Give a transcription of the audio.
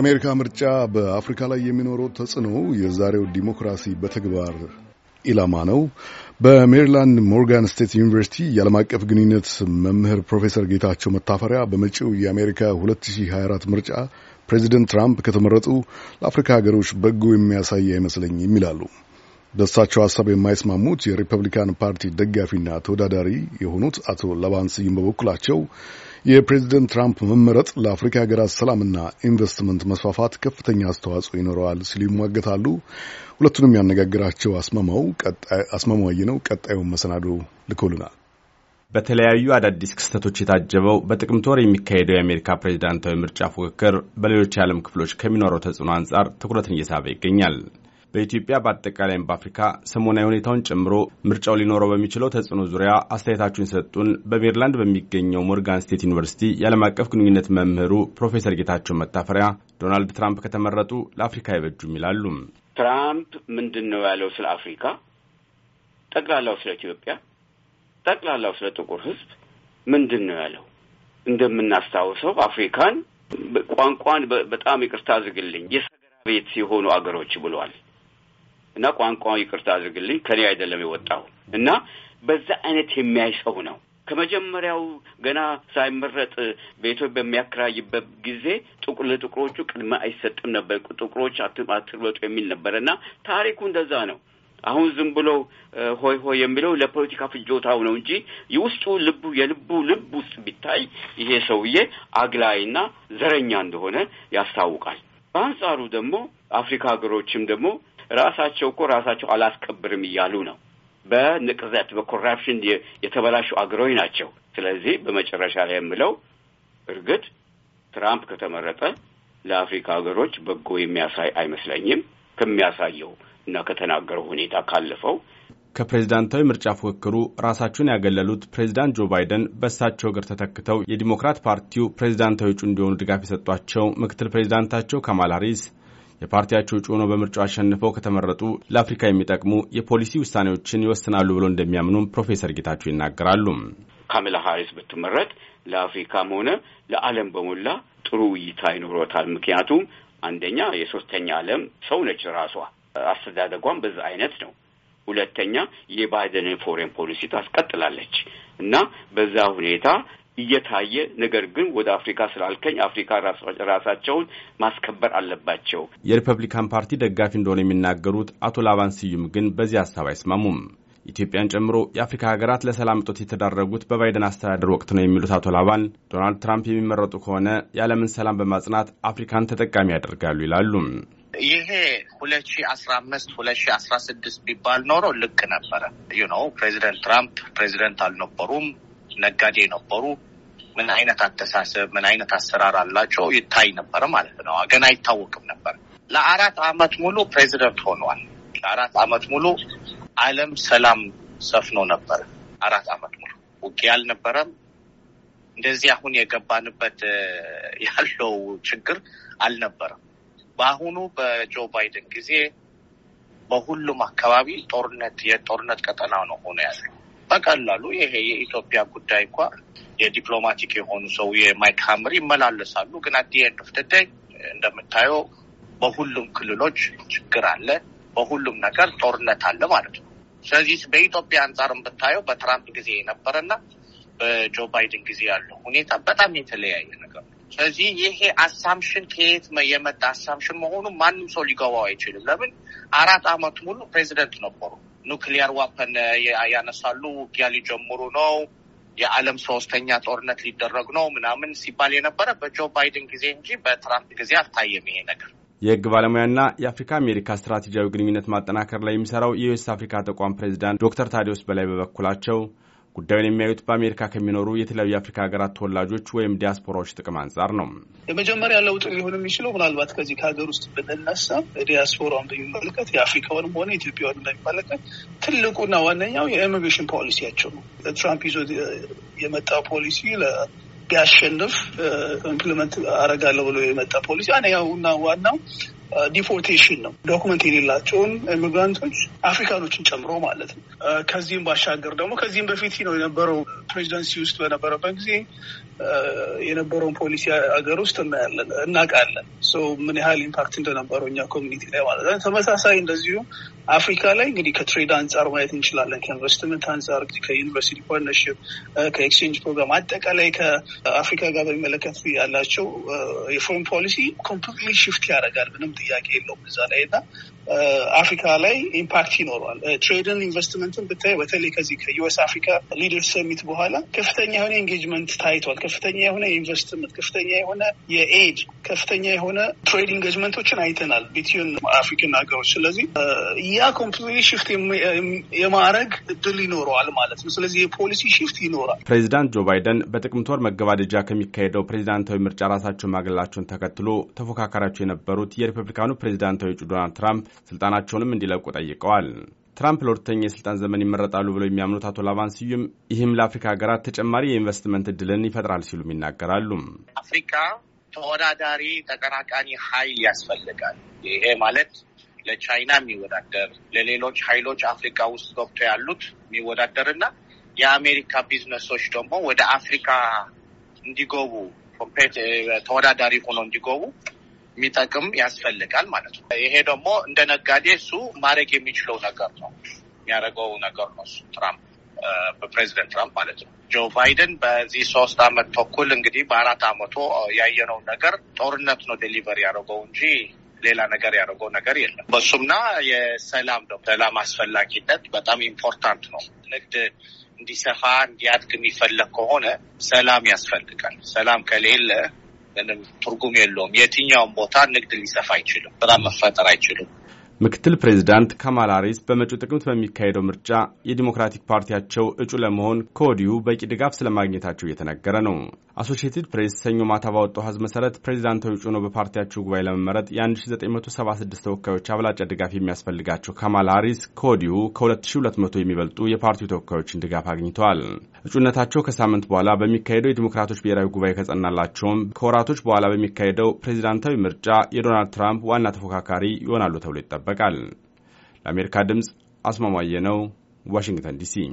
የአሜሪካ ምርጫ በአፍሪካ ላይ የሚኖረው ተጽዕኖ የዛሬው ዲሞክራሲ በተግባር ኢላማ ነው። በሜሪላንድ ሞርጋን ስቴት ዩኒቨርሲቲ የዓለም አቀፍ ግንኙነት መምህር ፕሮፌሰር ጌታቸው መታፈሪያ በመጪው የአሜሪካ 2024 ምርጫ ፕሬዚደንት ትራምፕ ከተመረጡ ለአፍሪካ ሀገሮች በጎ የሚያሳይ አይመስለኝም ይላሉ። በእሳቸው ሀሳብ የማይስማሙት የሪፐብሊካን ፓርቲ ደጋፊና ተወዳዳሪ የሆኑት አቶ ለባን ስዩም በበኩላቸው የፕሬዚደንት ትራምፕ መመረጥ ለአፍሪካ ሀገራት ሰላምና ኢንቨስትመንት መስፋፋት ከፍተኛ አስተዋጽኦ ይኖረዋል ሲሉ ይሟገታሉ። ሁለቱንም ያነጋግራቸው አስማማው ነው። ቀጣዩን መሰናዶ ልኮልናል። በተለያዩ አዳዲስ ክስተቶች የታጀበው በጥቅምት ወር የሚካሄደው የአሜሪካ ፕሬዚዳንታዊ ምርጫ ፉክክር በሌሎች የዓለም ክፍሎች ከሚኖረው ተጽዕኖ አንጻር ትኩረትን እየሳበ ይገኛል። በኢትዮጵያ በአጠቃላይም በአፍሪካ ሰሞናዊ ሁኔታውን ጨምሮ ምርጫው ሊኖረው በሚችለው ተጽዕኖ ዙሪያ አስተያየታችሁን የሰጡን በሜሪላንድ በሚገኘው ሞርጋን ስቴት ዩኒቨርሲቲ የዓለም አቀፍ ግንኙነት መምህሩ ፕሮፌሰር ጌታቸው መታፈሪያ ዶናልድ ትራምፕ ከተመረጡ ለአፍሪካ አይበጁም ይላሉ። ትራምፕ ምንድን ነው ያለው? ስለ አፍሪካ ጠቅላላው፣ ስለ ኢትዮጵያ ጠቅላላው፣ ስለ ጥቁር ህዝብ ምንድን ነው ያለው? እንደምናስታውሰው አፍሪካን ቋንቋን በጣም ይቅርታ አድርግልኝ የሰገራ ቤት የሆኑ አገሮች ብሏል። እና ቋንቋው ይቅርታ አድርግልኝ ከኔ አይደለም የወጣው እና በዛ አይነት የሚያይ ሰው ነው። ከመጀመሪያው ገና ሳይመረጥ በኢትዮጵያ በሚያከራይበት ጊዜ ጥቁር ለጥቁሮቹ ቅድመ አይሰጥም ነበር። ጥቁሮች አትርበጡ የሚል ነበር እና ታሪኩ እንደዛ ነው። አሁን ዝም ብሎ ሆይ ሆይ የሚለው ለፖለቲካ ፍጆታው ነው እንጂ የውስጡ ልቡ የልቡ ልብ ውስጥ ቢታይ ይሄ ሰውዬ አግላይና ዘረኛ እንደሆነ ያስታውቃል። በአንጻሩ ደግሞ አፍሪካ ሀገሮችም ደግሞ ራሳቸው እኮ ራሳቸው አላስከብርም እያሉ ነው። በንቅዘት በኮራፕሽን የተበላሹ አገሮች ናቸው። ስለዚህ በመጨረሻ ላይ የምለው እርግጥ ትራምፕ ከተመረጠ ለአፍሪካ ሀገሮች በጎ የሚያሳይ አይመስለኝም። ከሚያሳየው እና ከተናገረው ሁኔታ ካለፈው ከፕሬዝዳንታዊ ምርጫ ፉክክሩ ራሳቸውን ያገለሉት ፕሬዝዳንት ጆ ባይደን በእሳቸው እግር ተተክተው የዲሞክራት ፓርቲው ፕሬዝዳንታዊ እጩ እንዲሆኑ ድጋፍ የሰጧቸው ምክትል ፕሬዝዳንታቸው ካማላ ሃሪስ የፓርቲያቸው እጩ ሆነው በምርጫው አሸንፈው ከተመረጡ ለአፍሪካ የሚጠቅሙ የፖሊሲ ውሳኔዎችን ይወስናሉ ብሎ እንደሚያምኑም ፕሮፌሰር ጌታቸው ይናገራሉ። ካሜላ ሀሪስ ብትመረጥ ለአፍሪካም ሆነ ለዓለም በሞላ ጥሩ እይታ ይኖሮታል። ምክንያቱም አንደኛ የሶስተኛ ዓለም ሰው ነች ራሷ አስተዳደጓን በዛ አይነት ነው። ሁለተኛ የባይደንን ፎሬን ፖሊሲ ታስቀጥላለች እና በዛ ሁኔታ እየታየ ነገር ግን ወደ አፍሪካ ስላልከኝ አፍሪካ ራሳቸውን ማስከበር አለባቸው። የሪፐብሊካን ፓርቲ ደጋፊ እንደሆነ የሚናገሩት አቶ ላባን ስዩም ግን በዚህ ሀሳብ አይስማሙም። ኢትዮጵያን ጨምሮ የአፍሪካ ሀገራት ለሰላም እጦት የተዳረጉት በባይደን አስተዳደር ወቅት ነው የሚሉት አቶ ላባን ዶናልድ ትራምፕ የሚመረጡ ከሆነ የዓለምን ሰላም በማጽናት አፍሪካን ተጠቃሚ ያደርጋሉ ይላሉ። ይሄ ሁለት ሺ አስራ አምስት ሁለት ሺ አስራ ስድስት ቢባል ኖሮ ልክ ነበረ። ዩ ፕሬዚደንት ትራምፕ ፕሬዚደንት አልነበሩም፣ ነጋዴ ነበሩ። ምን አይነት አተሳሰብ ምን አይነት አሰራር አላቸው ይታይ ነበረ ማለት ነው። ግን አይታወቅም ነበር። ለአራት አመት ሙሉ ፕሬዚደንት ሆኗል። ለአራት አመት ሙሉ አለም ሰላም ሰፍኖ ነበር። አራት አመት ሙሉ ውጊያ አልነበረም። እንደዚህ አሁን የገባንበት ያለው ችግር አልነበረም። በአሁኑ በጆ ባይደን ጊዜ በሁሉም አካባቢ ጦርነት የጦርነት ቀጠና ነው ሆኖ ያለው በቀላሉ ይሄ የኢትዮጵያ ጉዳይ እንኳ የዲፕሎማቲክ የሆኑ ሰው የማይክ ሀምር ይመላለሳሉ። ግን አት ኤንድ ኦፍ እንደምታየው በሁሉም ክልሎች ችግር አለ፣ በሁሉም ነገር ጦርነት አለ ማለት ነው። ስለዚህ በኢትዮጵያ አንጻርም ብታየው በትራምፕ ጊዜ የነበረና በጆ ባይደን ጊዜ ያለው ሁኔታ በጣም የተለያየ ነገር ነው። ስለዚህ ይሄ አሳምሽን ከየት የመጣ አሳምሽን መሆኑ ማንም ሰው ሊገባው አይችልም። ለምን አራት አመት ሙሉ ፕሬዚደንት ነበሩ ኑክሊያር ዋፐን ያነሳሉ፣ ውጊያ ሊጀምሩ ነው፣ የዓለም ሶስተኛ ጦርነት ሊደረግ ነው ምናምን ሲባል የነበረ በጆ ባይደን ጊዜ እንጂ በትራምፕ ጊዜ አልታየም ይሄ ነገር። የህግ ባለሙያና የአፍሪካ አሜሪካ ስትራቴጂያዊ ግንኙነት ማጠናከር ላይ የሚሰራው የዩኤስ አፍሪካ ተቋም ፕሬዚዳንት ዶክተር ታዲዮስ በላይ በበኩላቸው ጉዳዩን የሚያዩት በአሜሪካ ከሚኖሩ የተለያዩ የአፍሪካ ሀገራት ተወላጆች ወይም ዲያስፖራዎች ጥቅም አንጻር ነው። የመጀመሪያ ለውጥ ሊሆን የሚችለው ምናልባት ከዚህ ከሀገር ውስጥ ብንነሳ ዲያስፖራን በሚመለከት የአፍሪካውንም ሆነ ኢትዮጵያን በሚመለከት ትልቁና ዋነኛው የኢሚግሬሽን ፖሊሲያቸው ነው። ትራምፕ ይዞ የመጣው ፖሊሲ ቢያሸንፍ ኢምፕሊመንት አረጋለሁ ብሎ የመጣ ፖሊሲ አንደኛውና ዋናው ዲፖርቴሽን ነው። ዶኩመንት የሌላቸውን ኢሚግራንቶች አፍሪካኖችን ጨምሮ ማለት ነው። ከዚህም ባሻገር ደግሞ ከዚህም በፊት ነው የነበረው ፕሬዚደንሲ ውስጥ በነበረበት ጊዜ የነበረውን ፖሊሲ ሀገር ውስጥ እናያለን እናውቃለን። ምን ያህል ኢምፓክት እንደነበረው እኛ ኮሚኒቲ ላይ ማለት ነው። ተመሳሳይ እንደዚሁ አፍሪካ ላይ እንግዲህ ከትሬድ አንጻር ማየት እንችላለን። ከኢንቨስትመንት አንጻር ከዩኒቨርሲቲ ፓርትነርሽፕ፣ ከኤክስቼንጅ ፕሮግራም አጠቃላይ ከአፍሪካ ጋር በሚመለከት ያላቸው የፎሬን ፖሊሲ ኮምፕሊት ሽፍት ያደርጋል ምንም ጥያቄ የለውም እዛ ላይ እና አፍሪካ ላይ ኢምፓክት ይኖረዋል። ትሬድን ኢንቨስትመንትን ብታይ በተለይ ከዚህ ከዩኤስ አፍሪካ ሊደር ሰሚት በኋላ ከፍተኛ የሆነ ኤንጌጅመንት ታይቷል። ከፍተኛ የሆነ ኢንቨስትመንት፣ ከፍተኛ የሆነ የኤድ፣ ከፍተኛ የሆነ ትሬድ ኢንጌጅመንቶችን አይተናል ቢትዮን አፍሪካን ሀገሮች። ስለዚህ ያ ኮምፕሊት ሽፍት የማድረግ እድል ይኖረዋል ማለት ነው። ስለዚህ የፖሊሲ ሽፍት ይኖራል። ፕሬዚዳንት ጆ ባይደን በጥቅምት ወር መገባደጃ ከሚካሄደው ፕሬዚዳንታዊ ምርጫ ራሳቸውን ማግለላቸውን ተከትሎ ተፎካካሪያቸው የነበሩት የሪፐብሊካኑ ፕሬዚዳንታዊ እጩ ዶናልድ ትራምፕ ስልጣናቸውንም እንዲለቁ ጠይቀዋል። ትራምፕ ለሁለተኛ የስልጣን ዘመን ይመረጣሉ ብለው የሚያምኑት አቶ ላቫን ስዩም ይህም ለአፍሪካ ሀገራት ተጨማሪ የኢንቨስትመንት እድልን ይፈጥራል ሲሉም ይናገራሉ። አፍሪካ ተወዳዳሪ ተቀናቃኒ ኃይል ያስፈልጋል። ይሄ ማለት ለቻይና የሚወዳደር ለሌሎች ኃይሎች አፍሪካ ውስጥ ገብቶ ያሉት የሚወዳደርና የአሜሪካ ቢዝነሶች ደግሞ ወደ አፍሪካ እንዲገቡ ተወዳዳሪ ሆነው እንዲገቡ የሚጠቅም ያስፈልጋል ማለት ነው። ይሄ ደግሞ እንደ ነጋዴ እሱ ማድረግ የሚችለው ነገር ነው፣ የሚያደርገው ነገር ነው እሱ ትራምፕ በፕሬዚደንት ትራምፕ ማለት ነው። ጆ ባይደን በዚህ ሶስት አመት ተኩል እንግዲህ በአራት አመቶ ያየነው ነገር ጦርነት ነው ዴሊቨር ያደረገው እንጂ ሌላ ነገር ያደረገው ነገር የለም። በሱምና የሰላም ነው ሰላም አስፈላጊነት በጣም ኢምፖርታንት ነው። ንግድ እንዲሰፋ እንዲያድግ የሚፈለግ ከሆነ ሰላም ያስፈልጋል። ሰላም ከሌለ ምንም ትርጉም የለውም። የትኛውም ቦታ ንግድ ሊሰፋ አይችልም። በጣም መፈጠር አይችልም። ምክትል ፕሬዚዳንት ካማላ ሃሪስ በመጪው ጥቅምት በሚካሄደው ምርጫ የዲሞክራቲክ ፓርቲያቸው እጩ ለመሆን ከወዲሁ በቂ ድጋፍ ስለማግኘታቸው እየተነገረ ነው። አሶሽትድ ፕሬስ ሰኞ ማታ ባወጣው ሀዝ መሰረት ፕሬዚዳንታዊ እጩ ነው በፓርቲያቸው ጉባኤ ለመመረጥ የ1976 ተወካዮች አብላጫ ድጋፍ የሚያስፈልጋቸው ካማላ ሃሪስ ከወዲሁ ከ2200 የሚበልጡ የፓርቲው ተወካዮችን ድጋፍ አግኝተዋል። እጩነታቸው ከሳምንት በኋላ በሚካሄደው የዲሞክራቶች ብሔራዊ ጉባኤ ከጸናላቸውም ከወራቶች በኋላ በሚካሄደው ፕሬዚዳንታዊ ምርጫ የዶናልድ ትራምፕ ዋና ተፎካካሪ ይሆናሉ ተብሎ ይጠበቃል። ለአሜሪካ ድምፅ አስማማየ ነው፣ ዋሽንግተን ዲሲ